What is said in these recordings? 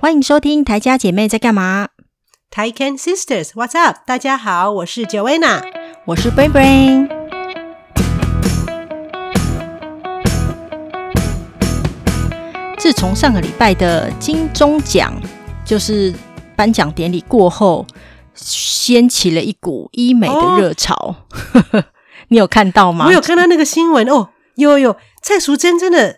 歡迎收聽台家姐妹在幹嘛？Taiken Sisters，What's up？大家好，我是 Joanna，我是 Brain Brain。自從上個禮拜的金鐘獎，就是頒獎典禮過後，掀起了一股醫美的熱潮。哦、 你有看到嗎？我有看到那個新聞哦，有有蔡淑臻真的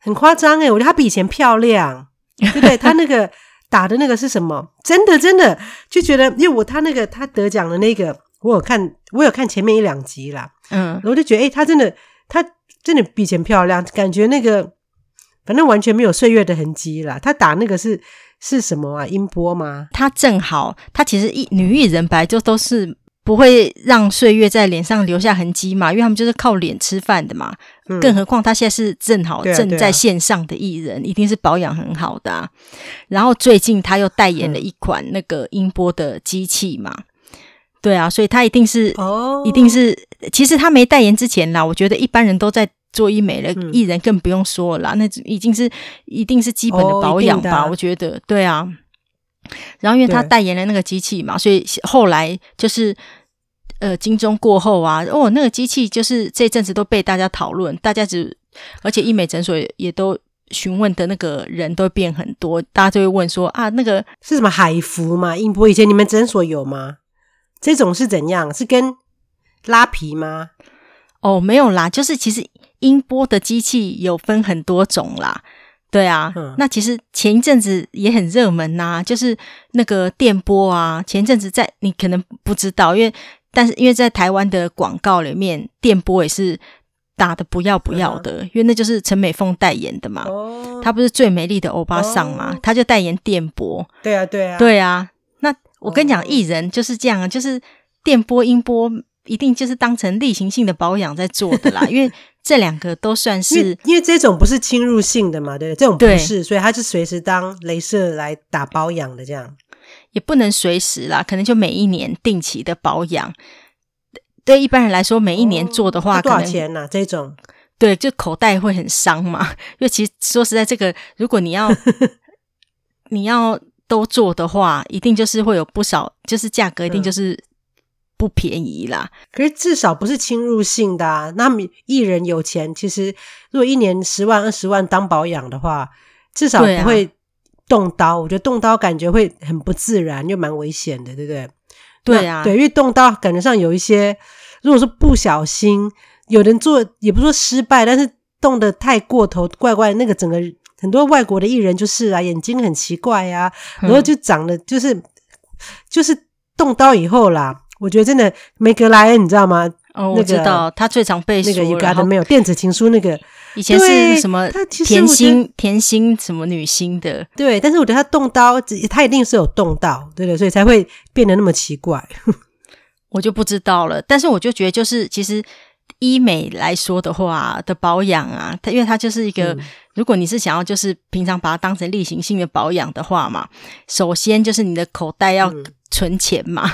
很誇張哎、欸，我覺得她比以前漂亮。對不 對？他那個打的那個是什麼？真的真的就覺得，因為我他那個他得獎的那個，我有看，我有看前面一兩集啦，嗯，我就覺得誒、欸，他真的他真的比以前漂亮，感覺那個反正完全沒有歲月的痕跡啦。他打那個是是什麼啊？音波嗎？他正好，他其實一，女藝人本來就都是。不會讓歲月在臉上留下痕迹嘛？因為他們就是靠臉吃飯的嘛。嗯、更何況他現在是正好正在線上的藝人，對啊對啊，一定是保養很好的，啊。然後最近他又代言了一款那個音波的機器嘛。嗯、對啊，所以他一定是哦，一定是。其實他沒代言之前啦，我覺得一般人都在做醫美了，嗯、藝人更不用說了啦，那已經是一定是基本的保養吧？哦、我覺得，對啊。然後，因為他代言了那個機器嘛，對所以後來就是呃，金鐘過後啊，哦，那個機器就是這陣子都被大家討論，大家只而且醫美診所也都詢問的那個人都變很多，大家就會問說啊，那個是什麼海服嘛，音波以前你們診所有嗎？這種是怎樣？是跟拉皮嗎？哦，沒有啦，就是其實音波的機器有分很多種啦。對啊，嗯、那其實前一陣子也很熱門吶、啊，就是那個電波啊。前一陣子在你可能不知道，因為但是因為在台灣的廣告裡面，電波也是打得不要不要的，啊、因為那就是陳美鳳代言的嘛。她、哦、不是最美麗的歐巴桑嘛，她、哦、就代言電波。對啊，對啊，對啊，對啊。那我跟你講，藝人就是這樣啊，嗯、就是電波音波一定就是當成例行性的保養在做的啦， 因為。這兩個都算是因、因為這種不是侵入性的嘛，對，對這種不是，對所以它是隨時當雷射來打保養的，這樣也不能隨時啦，可能就每一年定期的保養。對一般人來說，每一年做的話，哦、多少錢呢、啊？可能這種對，就口袋會很傷嘛。因為其實說實在，這個如果你要 你要都做的話，一定就是會有不少，就是價格一定就是。嗯不便宜啦，可是至少不是侵入性的啊。那藝人有錢，其實如果一年十萬、二十萬當保養的話，至少不會動刀。啊、我覺得動刀感覺會很不自然，又蠻危險的，對不對？對啊，對，因為動刀感覺上有一些，如果說不小心，有人做也不說失敗，但是動得太過頭，怪怪那個，整個很多外國的藝人就是啊，眼睛很奇怪呀、啊，然後就長得就是、嗯、就是動刀以後啦。我覺得真的梅格萊恩，你知道嗎？哦，那個、我知道，他最常被說那個一嘎都沒有電子情書那個以前是什麼？甜心甜心什麼女星的？對，但是我覺得他動刀，他一定是有動刀，對的，所以才會變得那麼奇怪。 我就不知道了，但是我就覺得，就是其實醫美來說的話的保養啊，因為它就是一個，嗯、如果你是想要就是平常把它當成例行性的保養的話嘛，首先就是你的口袋要、嗯。存錢嘛，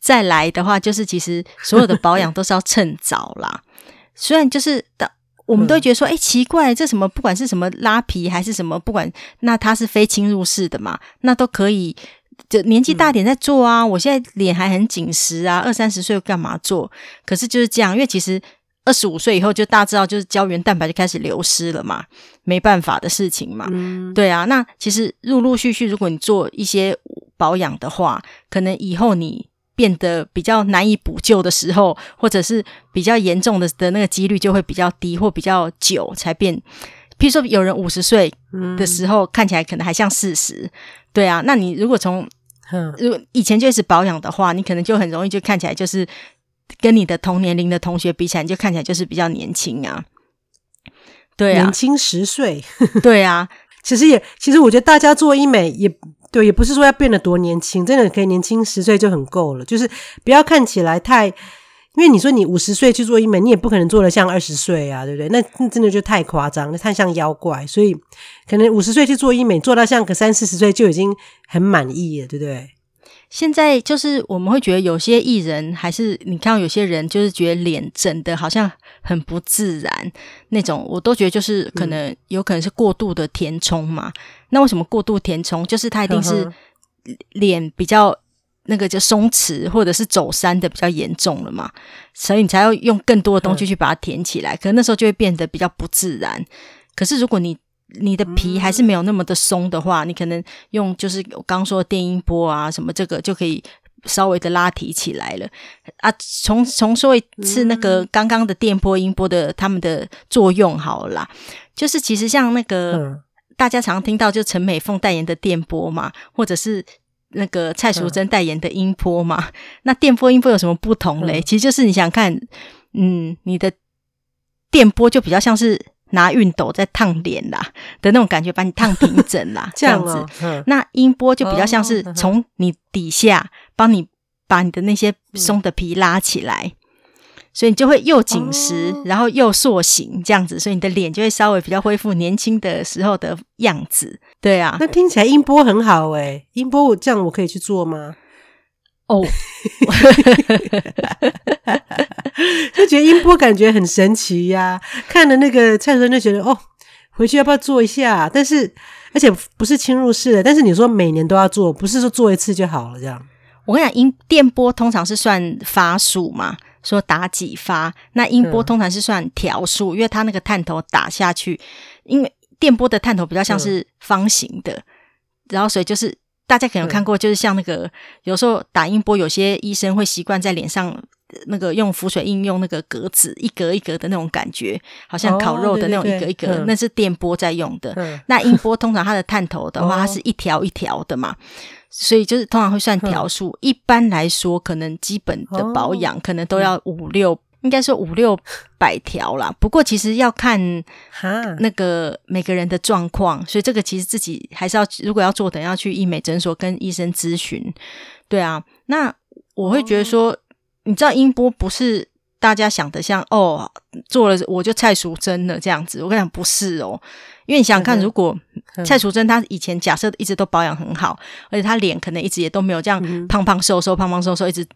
再來的話就是，其實所有的保養都是要趁早啦。 雖然就是，的，我們都覺得說，哎、嗯欸，奇怪，這什麼，不管是什麼拉皮還是什麼，不管，那它是非侵入式的嘛，那都可以，就年紀大點再做啊。嗯、我現在臉還很緊實啊，二三十歲又幹嘛做？可是就是這樣，因為其實二十五歲以後就大致到就是膠原蛋白就開始流失了嘛，沒辦法的事情嘛。嗯、對啊，那其實陸陸續續，如果你做一些。保養的話，可能以後你變得比較難以補救的時候，或者是比較嚴重的的那個幾率就會比較低，或比較久才變。譬如說，有人五十歲的時候、嗯、看起來可能還像四十，對啊。那你如果從，如果以前就一直保養的話，呵你可能就很容易就看起來就是跟你的同年齡的同學比起來，就看起來就是比較年輕啊。對啊，年輕十歲。 對啊，其實也，其實我覺得大家做醫美也。對，也不是說要變得多年輕，真的可以年輕十歲就很夠了。就是不要看起來太，因為你說你五十歲去做醫美，你也不可能做得像二十歲啊，對不對？那那真的就太誇張，那太像妖怪。所以可能五十歲去做醫美，做到像個三四十歲就已經很滿意了，對不對？現在就是我們會覺得有些藝人，還是你看到有些人就是覺得臉整得好像很不自然那種，我都覺得就是可能有可能是過度的填充嘛。嗯、那為什麼過度填充？就是他一定是臉比較那個就鬆弛或者是走山的比較嚴重了嘛，所以你才要用更多的東西去把它填起來。嗯、可能那時候就會變得比較不自然。可是如果你你的皮還是沒有那麼的鬆的話，嗯、你可能用就是我剛說的電音波啊什麼這個就可以稍微的拉提起來了啊。重重說一次那個剛剛的電波音波的，嗯、他們的作用好啦，就是其實像那個，嗯、大家常聽到就陳美鳳代言的電波嘛，或者是那個蔡淑臻代言的音波嘛，嗯、那電波音波有什麼不同嘞？嗯、其實就是你想看，嗯，你的電波就比較像是，拿熨斗在燙臉啦的那種感覺，把你燙平整啦， 這樣子。樣喔，嗯、那音波就比較像是從你底下幫你把你的那些鬆的皮拉起來，嗯、所以你就會又緊實，嗯、然後又塑形，這樣子，所以你的臉就會稍微比較恢復年輕的時候的樣子。對啊，那聽起來音波很好誒、欸，音波我這樣我可以去做嗎？哦，oh、 就覺得音波感覺很神奇呀、啊。看了那個蔡生就覺得，哦，回去要不要做一下、啊？但是，而且不是侵入式的。但是你說每年都要做，不是說做一次就好了。這樣，我跟你講，音電波通常是算發數嘛，說打幾發。那音波通常是算條數，嗯、因為它那個探頭打下去，因為電波的探頭比較像是方形的，嗯、然後所以就是。大家可能有看過，就是像那個有時候打音波，有些醫生會習慣在臉上那個用浮水印，用那個格子一格一格的那種感覺，好像烤肉的那種一格一格，那是電波在用的。那音波通常它的探頭的話，它是一條一條的嘛，所以就是通常會算條數。一般來說，可能基本的保養可能都要五六，應該說五六百條啦，不過其實要看哈那個每個人的狀況，哈所以這個其實自己還是要如果要做，等要去醫美診所跟醫生諮詢。對啊，那我會覺得說，哦、你知道音波不是大家想的像哦，做了我就蔡淑臻了這樣子。我跟你講不是哦，因為你想看如果蔡淑臻她以前假設一直都保養很好，而且她臉可能一直也都沒有這樣胖胖瘦瘦胖胖瘦瘦,胖胖瘦瘦，一直。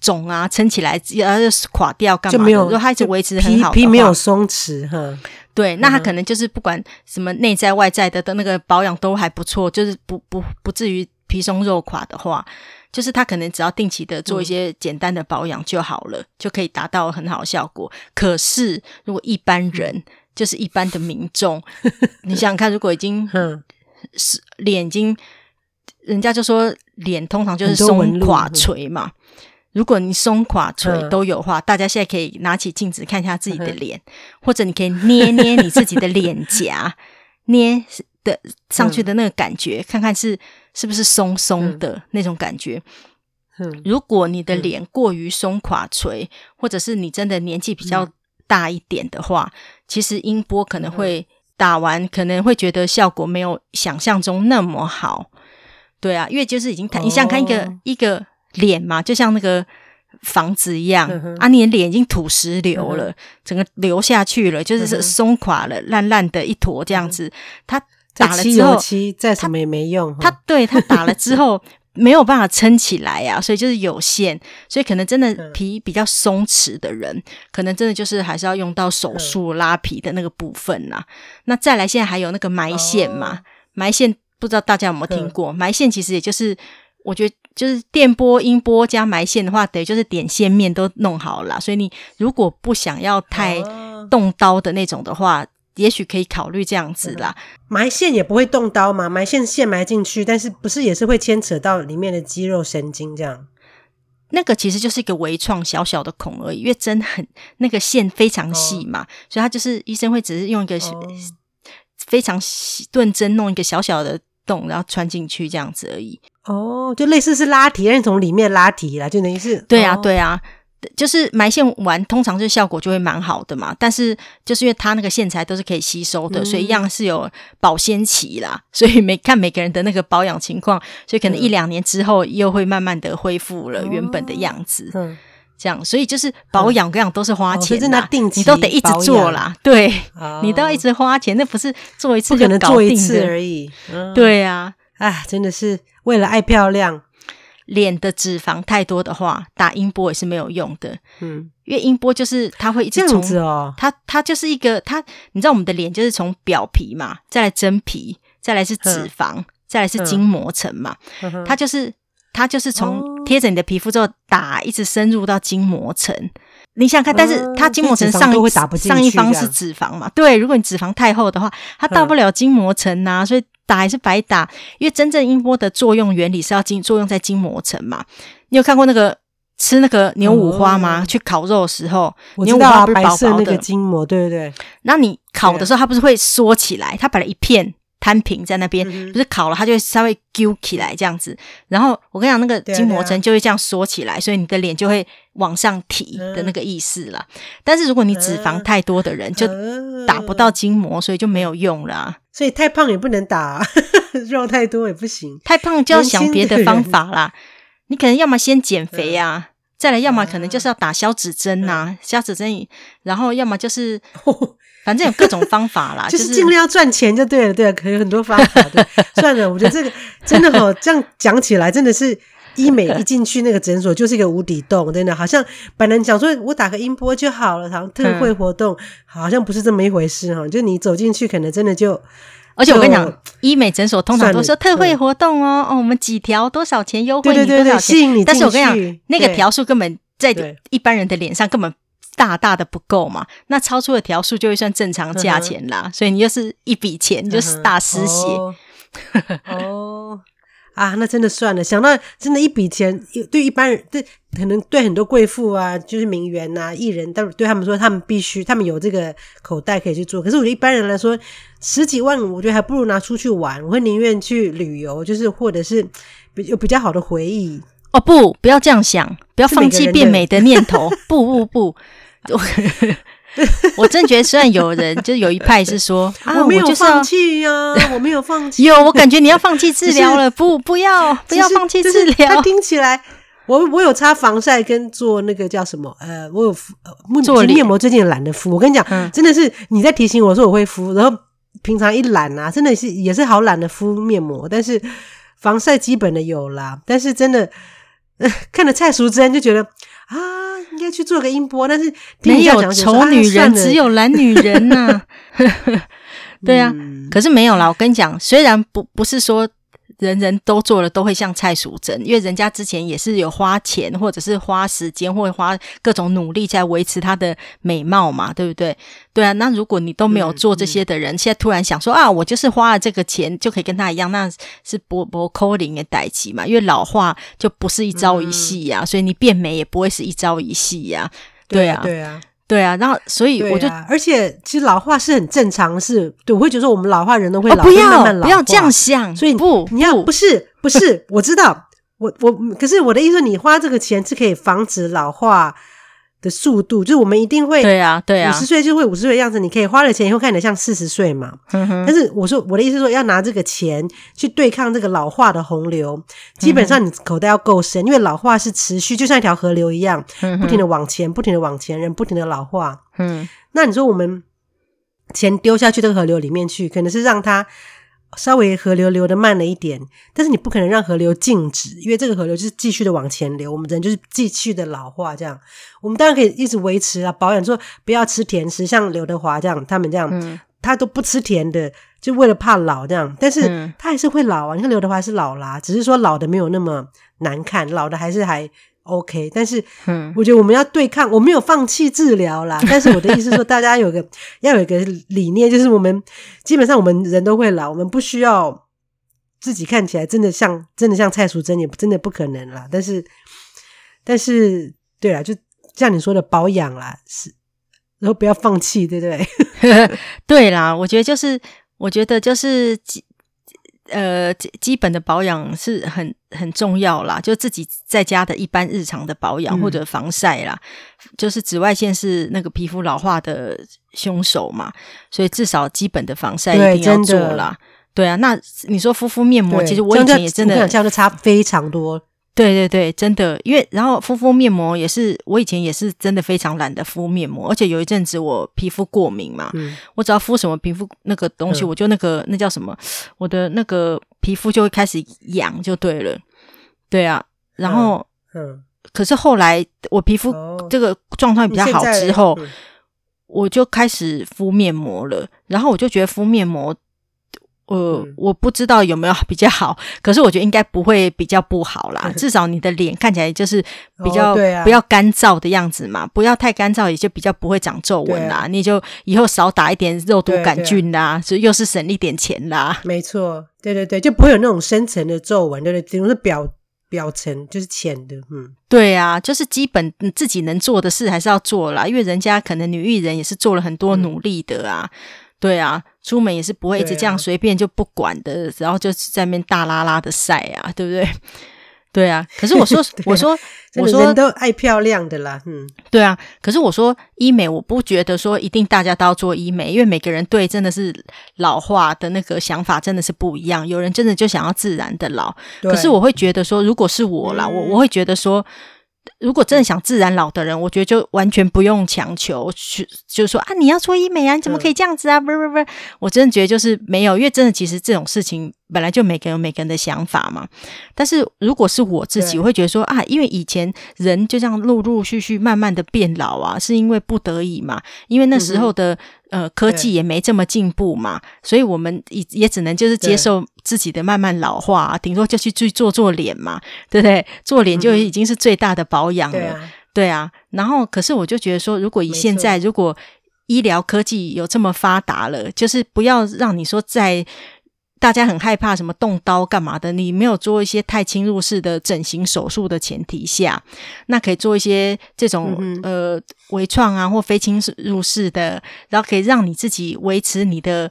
腫啊，撐起來，呃、啊，垮掉幹，幹嘛？就沒有，如果他一直維持很好的，皮，皮沒有鬆弛，哈，對，嗯、那他可能就是不管什麼內在外在的的那個保養都還不錯，就是不不不至於皮鬆肉垮的話，就是他可能只要定期的做一些簡單的保養就好了，嗯、就可以達到很好的效果。可是如果一般人，就是一般的民眾， 你想想看，如果已經是呵臉已經，人家就說臉通常就是鬆垮垂嘛。如果你鬆垮垂都有的話，大家現在可以拿起鏡子看一下自己的臉，或者你可以捏捏你自己的臉頰，捏的上去的那個感覺，看看是是不是松松的那種感覺。如果你的臉過於鬆垮垂，或者是你真的年紀比較大一點的話，其實音波可能會打完，可能會覺得效果沒有想象中那麼好。對啊，因為就是已經你想看一個一個。臉嘛，就像那個房子一樣啊！你的臉已經土石流了，整個流下去了，就是鬆垮了，爛爛的一坨這樣子。他打了之後，再什麼也沒用。他對他打了之後沒有辦法撐起來呀，所以就是有限。所以可能真的皮比較鬆弛的人，可能真的就是還是要用到手術拉皮的那個部分吶。那再來，現在還有那個埋線嘛？埋線不知道大家有沒有聽過？埋線其實也就是。我覺得就是電波、音波加埋線的話，等於就是點線面都弄好啦，所以你如果不想要太動刀的那種的話，也許可以考慮這樣子啦。埋線也不會動刀嘛，埋線線埋進去，但是不是也是會牽扯到裡面的肌肉神經這樣？那個其實就是一個微創小小的孔而已，因為針很那個線非常細嘛，所以他就是醫生會只是用一個非常細鈍針弄一個小小的洞，然後穿進去這樣子而已哦，就類似是拉提，但是從裡面拉提啦，就等於是對啊，哦、對啊，就是埋線完，通常就效果就會蠻好的嘛。但是就是因為它那個線材都是可以吸收的，嗯、所以一樣是有保鮮期啦。所以每看每個人的那個保養情況，所以可能一兩年之後又會慢慢的恢復了原本的樣子。嗯嗯這樣，所以就是保養各樣都是花錢的，你都得一直做啦。對，你都要一直花錢，那不是做一次，不可能做一次而已。對啊，啊，真的是為了愛漂亮，臉的脂肪太多的話，打音波也是沒有用的。嗯，因為音波就是它會一直從，它它就是一個它，你知道我們的臉就是從表皮嘛，再來真皮，再來是脂肪，再來是筋膜層嘛，它就是它就是從。貼着你的皮膚之後打，一直深入到筋膜層。你想看，但是它筋膜層上一、呃、上一方是脂肪嘛？樣對，如果你脂肪太厚的話，它到不了筋膜層吶、啊，嗯、所以打還是白打。因為真正音波的作用原理是要經作用在筋膜層嘛。你有看過那個吃那個牛五花嗎？嗯嗯、去烤肉的時候，牛五花白色那個筋膜，對不對,對。那你烤的時候，啊、它不是會縮起來？它本來一片。攤平在那邊，就是烤了它就會稍微揪起來這樣子。然後我跟你講，那個筋膜層就會這樣縮起來。所以你的臉就會往上提的那個意思了。但是如果你脂肪太多的人，就打不到筋膜，所以就沒有用了。所以太胖也不能打，肉太多也不行。太胖就要想別的方法啦。你可能要麼先減肥啊，再來要麼可能就是要打消脂針吶，消脂針，然後要麼就是。反正有各種方法啦， 就是盡量要賺錢就對了，對啊，對了，可以很多方法的。對 算了，我覺得這個真的哈，這樣講起來，真的是醫美一進去那個診所就是一個無底洞，真的。好像本來你講說我打個音波就好了，然後特惠活動，嗯、好像不是這麼一回事哈。就你走進去，可能真的就……而且我跟你講，就醫美診所通常都說特惠活動哦、喔，對對對對哦，我們幾條多少錢優惠，多少錢，對，對對對，吸引你進去。但是我跟你講，對那個條數根本在一般人的臉上根本大大的不夠嘛？那超出了條數就會算正常價錢啦，嗯、哼所以你就是一筆錢就是大失血、嗯、哦, 哦啊！那真的算了，想到真的一筆錢，對一般人，對可能對很多貴婦啊，就是名媛吶、啊、藝人，但對他們說，他們必須，他們有這個口袋可以去做。可是我覺得一般人來說，十幾萬，我覺得還不如拿出去玩，我會寧願去旅遊，就是或者是有比較好的回憶哦。不，不要這樣想，不要放棄變美的念頭。不不 不。不不我 我真覺得，雖然有人 就有一派是說，啊、我沒有放棄呀、啊，我沒有放棄。 有，我感覺你要放棄治療了， 是不，不要，是不要放棄治療。他、就是、聽起來，我我有擦防曬，跟做那個叫什麼？呃，我有敷做、呃、面膜，最近懶得敷。我跟你講，嗯、真的是你在提醒我說我會敷，然後平常一懶啊，真的是也是好懶得敷面膜。但是防曬基本的有啦，但是真的，呃、看了蔡淑臻就覺得。應該去做個音波，但是沒有醜女人，啊、只有懶女人吶、啊。 對啊，嗯、可是沒有啦。我跟你講，雖然不不是說。人人都做了都會像蔡淑珍，因為人家之前也是有花錢，或者是花時間，或者花各種努力在維持她的美貌嘛，對不對？對啊，那如果你都沒有做這些的人，對現在突然想說、嗯、啊，我就是花了這個錢、嗯、就可以跟她一樣，那是不不 c a 的代級嘛？因為老化就不是一朝一夕呀、啊，嗯、所以你變美也不會是一朝一夕呀、啊，對啊，對啊。對啊對啊，然後所以我就、啊，而且其實老化是很正常的事。對，我會覺得我們老化人都會老、哦，不要慢慢老化，不要這樣想。所以你不，你要不是不是，不是不我知道， 我我可是我的意思，你花這個錢是可以防止老化，的速度，就是我們一定會，對啊，對啊，五十歲就會五十歲的樣子。你可以花了錢以後，看得像四十歲嘛。嗯哼。但是我說我的意思是說，要拿這個錢去對抗這個老化的洪流，嗯哼。基本上你口袋要夠深，因為老化是持續，就像一條河流一樣，嗯哼。不停的往前，不停的往前，人不停的老化。嗯，那你說我們錢丟下去這個河流裡面去，可能是讓它。稍微河流流得慢了一點，但是你不可能讓河流靜止，因為這個河流就是繼續的往前流，我們人就是繼續的老化這樣。我們當然可以一直維持啊，保養，說不要吃甜食，像劉德華這樣，他們這樣，嗯、他都不吃甜的，就為了怕老這樣。但是他還是會老啊，嗯、你看劉德華是老啦，只是說老的沒有那麼難看，老的還是還。OK，但是我覺得我們要對抗，嗯、我沒有放棄治療啦。但是我的意思是說，大家有個 要有一個理念，就是我們基本上我們人都會老，我們不需要自己看起來真的像真的像蔡淑臻，也真的不可能啦。但是，但是對啦，就像你說的保養啦，是然後不要放棄，對不對？ 對啦，我覺得就是，我覺得就是。呃，基本的保養是很很重要啦，就自己在家的一般日常的保養或者防曬啦，嗯、就是紫外線是那個皮膚老化的兇手嘛，所以至少基本的防曬一定要做啦。對，對啊，那你說敷敷面膜，對其實我以前也真的這樣就差非常多。對對對，真的，因為然後敷敷面膜也是，我以前也是真的非常懶得敷面膜，而且有一陣子我皮膚過敏嘛，是我只要敷什麼皮膚那個東西，嗯、我就那個那叫什麼，我的那個皮膚就會開始癢就對了，對啊，然後，嗯，嗯可是後來我皮膚這個狀態比較好之後，哦、我就開始敷面膜了，然後我就覺得敷面膜。呃，我不知道有沒有比較好，可是我覺得應該不會比較不好啦。 至少你的臉看起來就是比較不要乾燥的樣子嘛，哦啊、不要太乾燥，也就比較不會長皺紋啦。啊、你就以後少打一點肉毒桿菌啦，對對啊、又是省一點錢啦。沒錯，對對對，就不會有那種深層的皺紋，對不對？只能是表表層就是淺的，嗯，對啊，就是基本自己能做的事還是要做啦，因為人家可能女藝人也是做了很多努力的啊。嗯對啊，出門也是不會一直這樣隨便就不管的，啊、然後就在那邊大拉拉的曬啊，對不對？對啊，可是我說， 啊、我說，真的 我說，人都愛漂亮的啦，嗯，對啊，可是我說醫美，我不覺得說一定大家都要做醫美，因為每個人對真的是老化的那個想法真的是不一樣，有人真的就想要自然的老，對可是我會覺得說，如果是我啦，嗯、我我會覺得說。如果真的想自然老的人，嗯、我覺得就完全不用強求，就就說啊，你要做醫美啊，你怎麼可以這樣子啊？嗯、不不不，我真的覺得就是沒有，因為真的其實這種事情本來就每個人有每個人的想法嘛。但是如果是我自己，對我會覺得說啊，因為以前人就這樣陸陸續續慢慢的變老啊，是因為不得已嘛，因為那時候的、嗯、呃科技也沒這麼進步嘛，對所以我們也也只能就是接受。自己的慢慢老化，啊，頂多就去去做做臉嘛，對不對？做臉就已經是最大的保養了。嗯、對，啊對啊，然後可是我就覺得說，如果以現在，錯如果醫療科技有這麼發達了，就是不要讓你說在大家很害怕什麼動刀幹嘛的，你沒有做一些太侵入式的整形手術的前提下，那可以做一些這種呃微創啊或非侵入式的，然後可以讓你自己維持你的。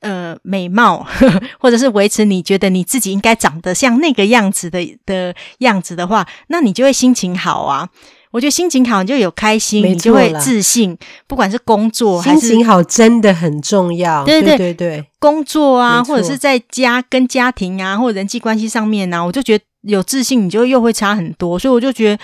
呃，美貌，呵呵，或者是維持你覺得你自己應該長得像那個樣子的的樣子的話，那你就會心情好啊。我覺得心情好你就有開心，你就會自信。不管是工作還是，心情好真的很重要。對對對對，對對對，工作啊，沒錯。或者是在家跟家庭啊，或者人際關係上面啊，我就覺得有自信你就又會差很多。所以我就覺得，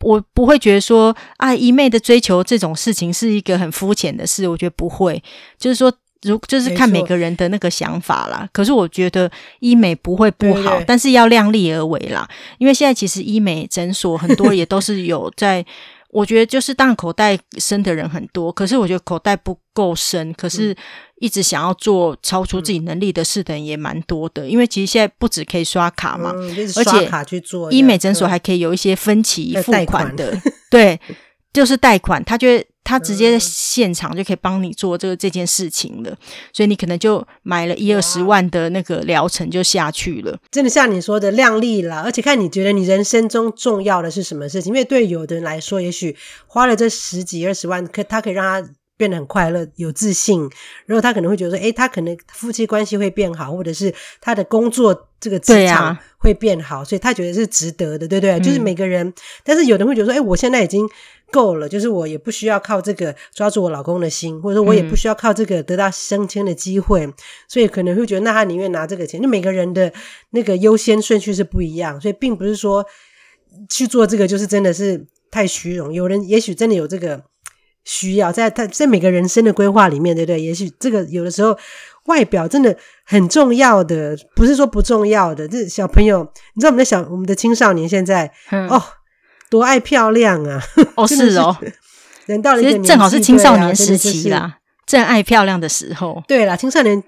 我不會覺得說啊，一昧的追求這種事情是一個很膚淺的事。我覺得不會，就是說。如就是看每個人的那個想法啦，可是我覺得醫美不會不好，但是要量力而為啦。因為現在其實醫美診所很多也都是有在，我覺得就是當口袋深的人很多，可是我覺得口袋不夠深，可是一直想要做超出自己能力的事的人也蠻多的。因為其實現在不止可以刷卡嘛，而且醫美診所還可以有一些分期付款的，對，就是貸款。他覺得。他直接現場就可以幫你做這個這件事情了，所以你可能就買了一二十萬的那個療程就下去了。真的像你說的量力啦，而且看你覺得你人生中重要的是什麼事情？因為對有的人來說，也許花了這十幾二十萬，可他可以讓他變得很快樂、有自信，然後他可能會覺得說：“誒、欸，他可能夫妻關係會變好，或者是他的工作這個職場會變好，啊、所以他覺得是值得的，對不對？”嗯、就是每個人，但是有的人會覺得說：“誒、欸，我現在已經。”夠了，就是我也不需要靠這個抓住我老公的心，或者說我也不需要靠這個得到升遷的機會，嗯、所以可能會覺得，那他寧願拿這個錢。就每個人的那個優先順序是不一樣，所以並不是說去做這個就是真的是太虛榮。有人也許真的有這個需要，在他在每個人生的規劃裡面，對不對？也許這個有的時候外表真的很重要的，不是說不重要的。這、就是、小朋友，你知道我們的小我們的青少年現在、嗯、哦。多愛漂亮啊！哦，是，是哦，人到了其實正好是青少年時期啦，啊、是正愛漂亮的時候。對啦，青少年，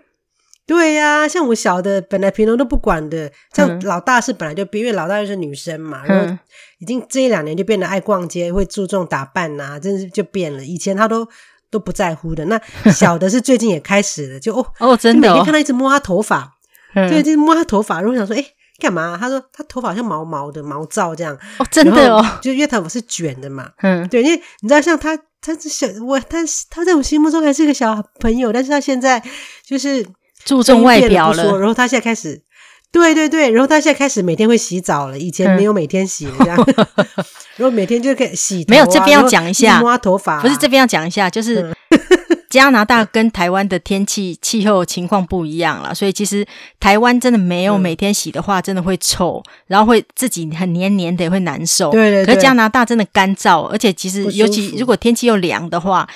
對呀、啊，像我小的本來平常都不管的，像老大是本來就變，嗯、因為老大又是女生嘛，嗯、然後已經這一兩年就變得愛逛街，會注重打扮吶、啊，真是就變了。以前他都都不在乎的，那小的是最近也開始了、 哦，就哦哦真的，每天看到一直摸她頭髮，哦哦、對，就摸她頭髮，然後我想說誒、欸幹嘛、啊？他說他頭髮像毛毛的、毛躁這樣哦，真的哦，就因為頭髮是捲的嘛。嗯，對，因為你知道，像他，他是小我，他他在我心目中還是一個小朋友，但是他現在就是注重外表了。然後他現在開始，對對對，然後他現在開始每天會洗澡了，以前沒有每天洗，然後每天就可以洗、啊。沒有這邊要講一下，一摸頭髮、啊、不是這邊要講一下，就是、嗯。加拿大跟台灣的天氣氣候情況不一樣啦，所以其實台灣真的沒有每天洗的話，真的會臭，嗯、然後會自己很黏黏的，會難受。對，對，對，可是加拿大真的乾燥，而且其實尤其如果天氣又涼的話，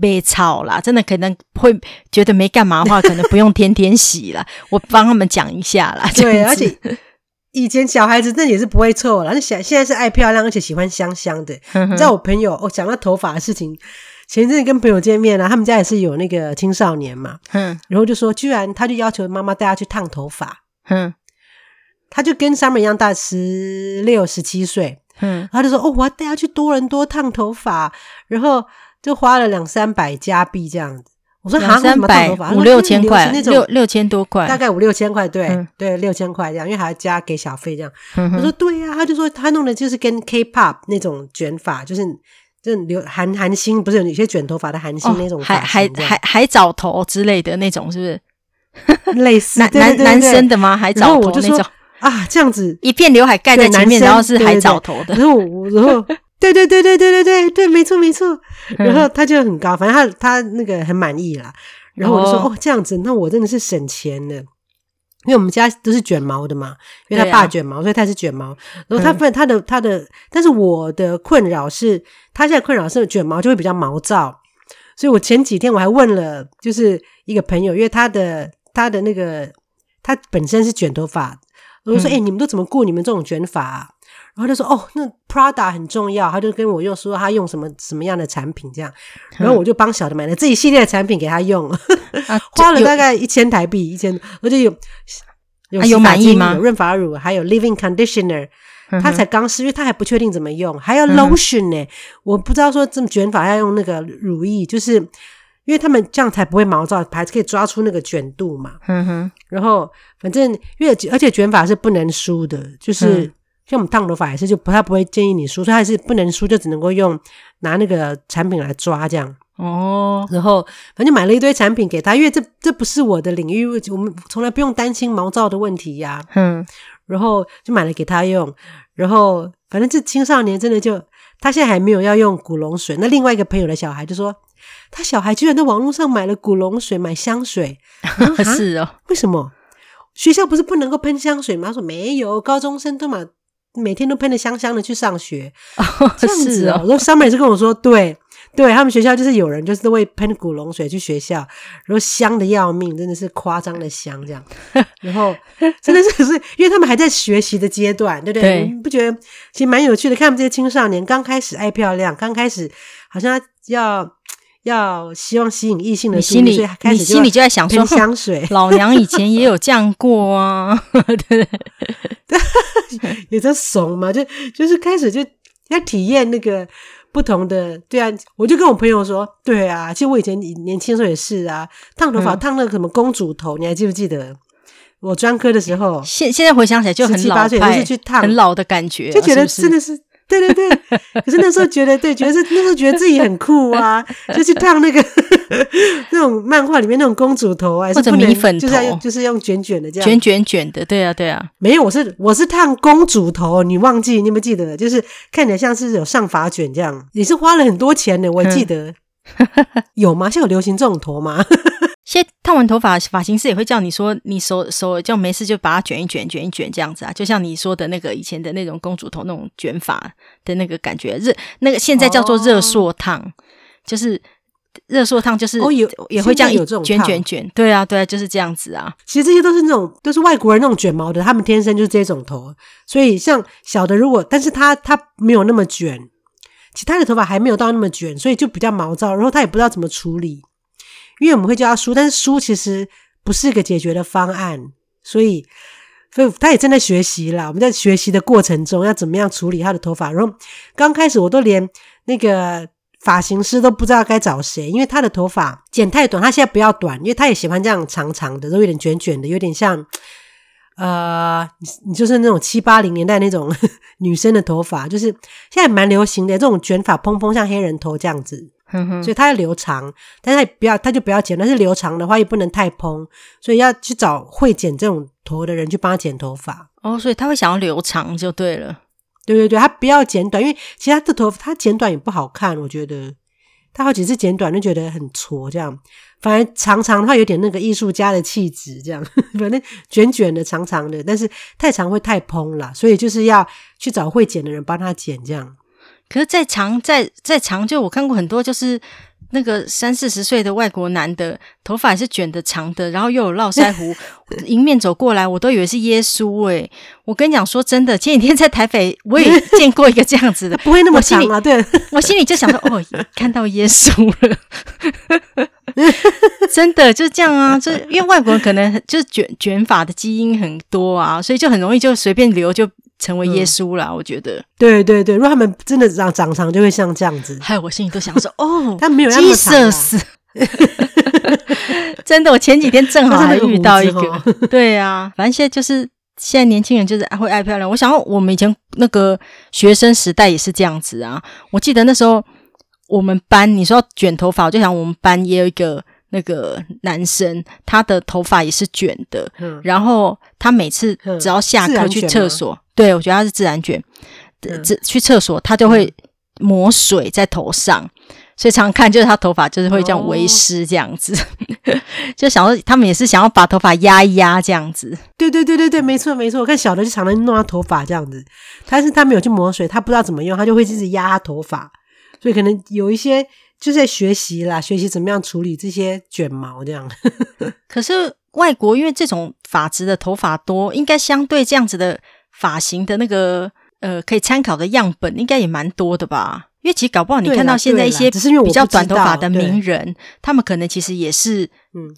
沒操啦，真的可能會覺得沒幹嘛的話，可能不用天天洗啦。 我幫他們講一下啦。對，而且以前小孩子那也是不會臭啦，現現在是愛漂亮，而且喜歡香香的。你知道、嗯、哼我朋友哦，講到頭髮的事情。前陣子跟朋友見面啦，啊，他們家也是有那個青少年嘛，嗯，然後就說，居然他就要求媽媽帶他去燙頭髮，嗯，他就跟 Summer 一樣大，十六十七歲，嗯，然後就說，哦，我要帶他去多倫多燙頭髮，然後就花了兩三百加幣這樣子。我說，兩三百五六千塊，嗯、那種六六千多塊，大概五六千塊，對、嗯、對，六千塊這樣，因為還要加給小費這樣。他、嗯、哼說，對呀、啊，他就說他弄的就是跟 K-pop 那種捲髮就是。就留韓韓星不是有一些捲頭髮的韓星那種、哦、海海海海藻頭之類的那種是不是？ 類似 男對對對對男生的嗎？海藻頭我就那種啊，這樣子一片劉海蓋在前面，然後是海藻頭的，然後然後對對對對對對對 對，沒錯沒錯，然後他就很高，反正他他那個很滿意啦。然後我就說哦，哦這樣子，那我真的是省錢了。因為我們家都是捲毛的嘛，因為他爸捲毛，啊、所以他也是捲毛。然後他分他的他的，嗯、但是我的困擾是他現在困擾是捲毛就會比較毛躁，所以我前幾天我還問了，就是一個朋友，因為他的他的那個他本身是捲頭髮，然後我說哎、嗯欸，你們都怎麼顧你們這種捲髮？啊？他就說：“哦，那 Prada 很重要。”他就跟我又說他用什麼什麼樣的產品這樣，然後我就幫小的買了這一系列的產品給他用，嗯啊、 花了大概一千台幣一千，啊、1 1, 000, 而且有、啊、有有滿意嗎？有潤髮乳，還有 Living Conditioner，、嗯、哼他才剛試，因為他還不確定怎麼用，還有 Lotion 呢、欸，嗯、我不知道說這麼捲髮要用那個乳液，就是因為他們這樣才不會毛躁，還可以抓出那個卷度嘛。嗯、哼然後反正因為而且捲髮是不能梳的，就是。嗯像我們燙頭髮也是，就不太不會建議你梳，所以還是不能梳，就只能夠用拿那個產品來抓這樣。哦，然後反正買了一堆產品給他，因為這這不是我的領域，我們從來不用擔心毛躁的問題呀。嗯，然後就買了給他用，然後反正這青少年真的就他現在還沒有要用古龍水。那另外一個朋友的小孩就說，他小孩居然在網絡上買了古龍水買香水，是哦？為什麼？學校不是不能夠噴香水嗎？他說沒有，高中生都嘛。每天都噴的香香的去上學， 這樣子哦、喔。是喔、然後上面也是跟我說， 對， 對，他們學校就是有人就是都會噴古龍水去學校，然後香的要命，真的是誇張的香這樣。然後真的、就是是 因為他們還在學習的階段，對不對？你對 不覺得其實蠻有趣的？看他們這些青少年剛開始愛漂亮，剛開始好像要。要希望吸引異性的，你心裡你心裡就在想說香水。老娘以前也有這樣過啊，對，對？你就慫嘛，就就是開始就要體驗那個不同的。對啊，我就跟我朋友說，對啊，其實我以前年輕的時候也是啊，燙頭髮燙那個什麼公主頭，你還記不記得？我專科的時候，現現在回想起來就很老，十七八歲，就是去燙很老的感覺，就覺得真的是。對對對，可是那時候覺得對，覺得是那時候覺得自己很酷啊，就去燙那個呵呵那種漫畫裡面那種公主頭，還是或者米粉，就是用就是用捲捲的這樣，捲捲捲的，對啊對啊，沒有，我是我是燙公主頭，你忘記你有沒有記得？就是看起來像是有上髮捲這樣，你是花了很多錢的，我記得、嗯、 有嗎？現在有流行這種頭嗎？現在燙完頭髮，髮型師也會叫你說你，你手手叫沒事就把它卷一捲，卷一捲這樣子啊，就像你說的那個以前的那種公主頭那種捲髮的那個感覺，熱那個現在叫做熱塑燙，哦、就是熱塑燙，就是、哦、也也會這樣卷卷卷，對啊，對啊，對啊，就是這樣子啊。其實這些都是那種都是外國人那種卷毛的，他們天生就是這種頭，所以像小的如果，但是他他沒有那麼卷，其他的頭髮還沒有到那麼卷，所以就比較毛躁，然後他也不知道怎麼處理。因為我們會叫他梳，但是梳其實不是一個解決的方案，所以，所以他也正在學習啦，我們在學習的過程中，要怎麼樣處理他的頭髮？然後剛開始我都連那個髮型師都不知道該找誰，因為他的頭髮剪太短。他現在不要短，因為他也喜歡這樣長長的，都有點捲捲的，有點像，呃，你你就是那種七八零年代那種呵呵女生的頭髮，就是現在蠻流行的這種捲髮，蓬蓬像黑人頭這樣子。嗯、所以他要留長，但是他也不要，他就不要剪。但是留長的話，也不能太蓬，所以要去找會剪這種頭的人去幫他剪頭髮。哦，所以他會想要留長就對了。對對對，他不要剪短，因為其他的頭髮他剪短也不好看。我覺得他好幾次剪短，就覺得很挫。這樣，反而長長的話有點那個藝術家的氣質。這樣，反正捲捲的、長長的，但是太長會太蓬了，所以就是要去找會剪的人幫他剪這樣。可是再長再再長，就我看過很多，就是那個三四十歲的外國男的，頭髮也是卷的長的，然後又有絡腮鬍， 迎面走過來，我都以為是耶穌誒、欸、我跟你講說真的，前幾天在台北我也見過一個這樣子的， 不會那麼長啊？對我心,我心裡就想說哦，看到耶穌了， 真的就是這樣啊！就因為外國人可能就是卷卷髮的基因很多啊，所以就很容易就隨便留就。成為耶穌啦，嗯、我覺得。對對對，如果他們真的長長長，就會像這樣子。還有我心裡都想說 哦，他沒有那麼、啊、s 真的，我前幾天正好還遇到一個。 哦、 對啊，反正現在就是現在年輕人就是會愛漂亮。 我想，我們以前那個學生時代也是這樣子啊。我記得那時候我們班，你說要捲頭髮，我就想我們班也有一個。那個男生，他的頭髮也是捲的，嗯、然後他每次只要下課、嗯、去廁所，對我覺得他是自然捲，嗯呃、去廁所他就會抹水在頭上，嗯、所以常看就是他頭髮就是會這樣微濕這樣子，哦、 就想要他們也是想要把頭髮壓一壓這樣子。對對對對對，沒錯沒錯，我看小的就常常弄他頭髮這樣子，但是他沒有去抹水，他不知道怎麼用，他就會一直壓他頭髮，所以可能有一些。就在學習啦，學習怎麼樣處理這些捲毛這樣。 可是外國因為這種髮質的頭髮多，應該相對這樣子的髮型的那個呃，可以參考的樣本應該也蠻多的吧？因為其實搞不好你看到現在一些，比較短頭髮的名人，他們可能其實也是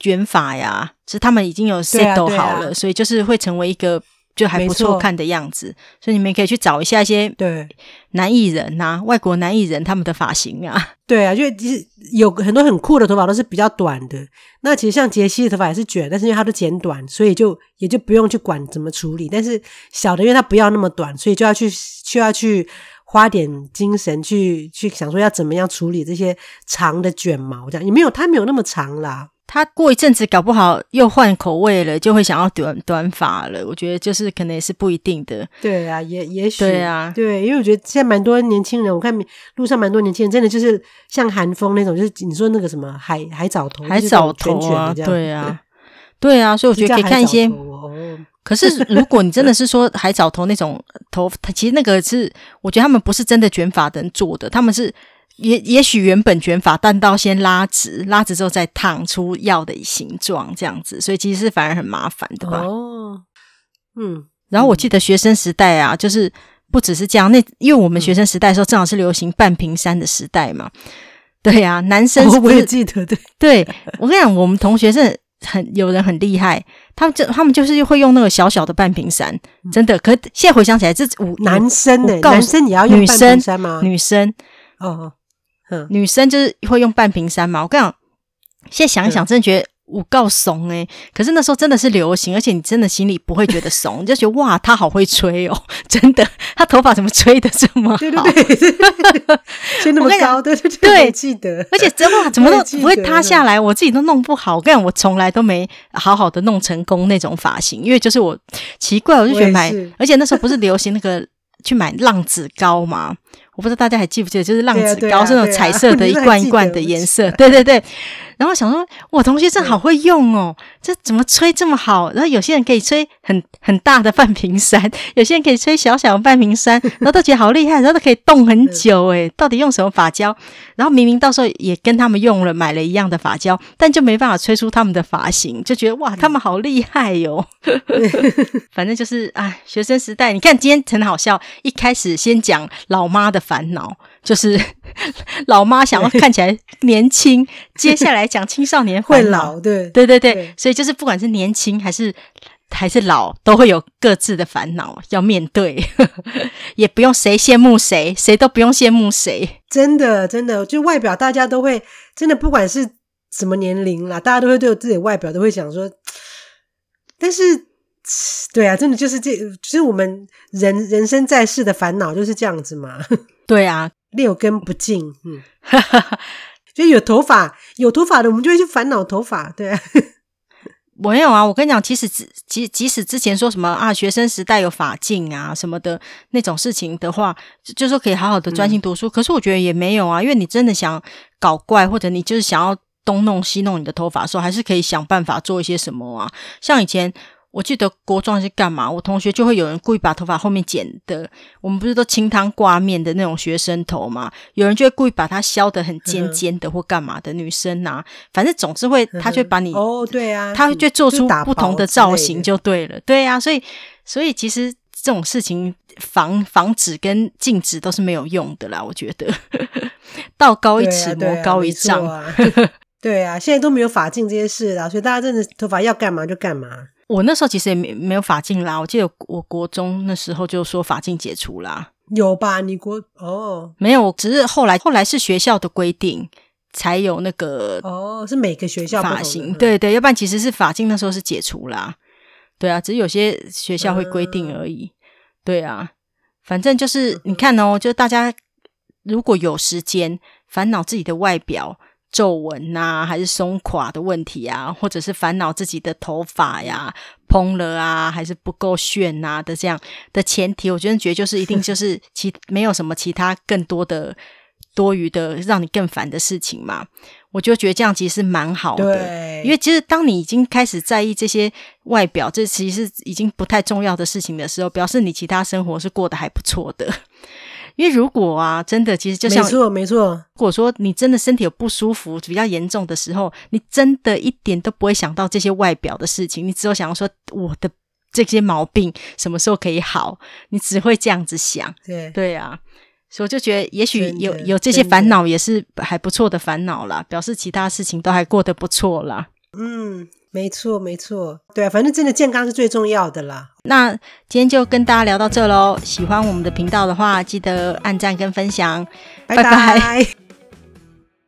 捲髮呀，其實對他們已經有 set 好了，啊啊、所以就是會成為一個就還不錯看的樣子。錯所以你們可以去找一下一些對。男藝人吶、啊，外國男藝人他們的髮型啊，對啊，就是有很多很酷的頭髮都是比較短的。那其實像傑西的頭髮也是捲，但是因為他都剪短，所以就也就不用去管怎麼處理。但是小的，因為他不要那麼短，所以就要去需要去花點精神去去想說要怎麼樣處理這些長的捲毛這樣。也沒有，他沒有那麼長啦。他過一陣子搞不好又換口味了，就會想要短短髮了。我覺得就是可能也是不一定的。對啊，也也許對啊，對，因為我覺得現在蠻多年輕人，我看路上蠻多年輕人，真的就是像韓風那種，就是你說那個什麼海海藻頭、海藻頭啊，捲捲啊對啊，對啊，所以我覺得可以看一些。海藻頭哦，可是如果你真的是說海藻頭那種頭髮， 其實那個是我覺得他們不是真的捲髮燈做的，他們是。也也許原本捲髮彈到先拉直，拉直之後再燙出要的形狀，這樣子，所以其實是反而很麻煩，對吧？哦，嗯。然後我記得學生時代啊，就是不只是這樣，嗯、那因為我們學生時代的時候，正好是流行半屏山的時代嘛。對啊，男生是不是、啊、我也記得，對對。我跟你講， 我們同學是很有人很厲害，他們就他們就是會用那個小小的半屏山，嗯、真的。可是現在回想起來，這五男生呢、欸，男生你要用半屏山嗎？女生，女生哦。女生就是會用半屏山嘛，我跟你講，現在想一想，嗯、真的覺得我夠慫哎。嗯、可是那時候真的是流行，而且你真的心裡不會覺得慫， 你就覺得哇，他好會吹哦，喔，真的，他頭髮怎麼吹的這麼好？對對對，就 那麼高，對對對，對記得，而且怎麼怎麼都不會塌下來，我，我自己都弄不好。我跟你講我從來都沒好好的弄成功那種髮型，因為就是我奇怪，我就覺得買，而且那時候不是流行那個 去買浪子膏嘛。我不知道大家還記不記得，就是浪子膏是那種彩色的一罐一罐的顏色，啊、對對對。 然後想說，哇，同學真好會用哦，對這怎麼吹這麼好？然後有些人可以吹很很大的半屏山，有些人可以吹小小的半屏山，然後都覺得好厲害，然後都可以動很久誒對到底用什麼髮膠？然後明明到時候也跟他們用了買了一樣的髮膠，但就沒辦法吹出他們的髮型，就覺得哇，他們好厲害喲，哦。嗯、 反正就是啊，學生時代，你看今天很好笑，一開始先講老媽的煩惱。就是老媽想要看起來年輕，對接下來講青少年會老。對，對對對，對，所以就是不管是年輕還是還是老，都會有各自的煩惱要面對呵呵，也不用誰羨慕誰，誰都不用羨慕誰。真的，真的，就外表大家都會真的，不管是什麼年齡啦，大家都會對我自己外表都會想說，但是，對啊，真的就是這，就是我們人人生在世的煩惱就是這樣子嘛。對啊。六根不淨，嗯， 就有頭髮，有頭髮的我們就會去煩惱頭髮，對啊。 沒有啊，我跟你講，即使即即使之前說什麼啊，學生時代有髮禁啊什麼的那種事情的話，就說可以好好的專心讀書。嗯，可是我覺得也沒有啊，因為你真的想搞怪，或者你就是想要東弄西弄你的頭髮的時候，還是可以想辦法做一些什麼啊，像以前。我記得國中是幹嘛？我同學就會有人故意把頭髮後面剪的，我們不是都清湯掛麵的那種學生頭嘛？有人就會故意把它削的很尖尖的，或幹嘛的？女生啊，反正總是會，他就會把你哦，對啊，他就會做出不同的造型就，的就對了，對啊，所以所以其實這種事情防防止跟禁止都是沒有用的啦，我覺得 道高一尺，魔高一丈啊，對啊，啊 對啊，現在都沒有髮禁這些事了，所以大家真的頭髮要幹嘛就幹嘛。我那時候其實也沒沒有髮禁啦，我記得我，我國中那時候就說髮禁解除啦，有吧？你國哦，沒有，只是後來後來是學校的規定才有那個哦，是每個學校的髮型，對對，要不然其實是髮禁那時候是解除啦，對啊，只是有些學校會規定而已，嗯、對啊，反正就是、嗯、哼你看哦，就大家如果有時間煩惱自己的外表。皺紋吶，還是鬆垮的問題啊，或者是煩惱自己的頭髮呀，蓬了啊，還是不夠炫啊的這樣的前提，我覺得覺得就是一定就是其 沒有什麼其他更多的多餘的讓你更煩的事情嘛，我就覺得這樣其實是蠻好的，對因為其實當你已經開始在意這些外表，這其實已經不太重要的事情的時候，表示你其他生活是過得還不錯的。因為如果啊，真的其實就像沒錯沒錯，沒錯，如果說你真的身體有不舒服比較嚴重的時候，你真的一點都不會想到這些外表的事情，你只有想要說我的這些毛病什麼時候可以好，你只會這樣子想。對對啊，所以我就覺得也許有真的有這些煩惱也是還不錯的煩惱啦，真的表示其他事情都還過得不錯啦。嗯，沒錯沒錯，對啊，反正真的健康是最重要的啦。那今天就跟大家聊到這嘍。喜歡我們的頻道的話，記得按讚跟分享。拜拜 bye。Bye bye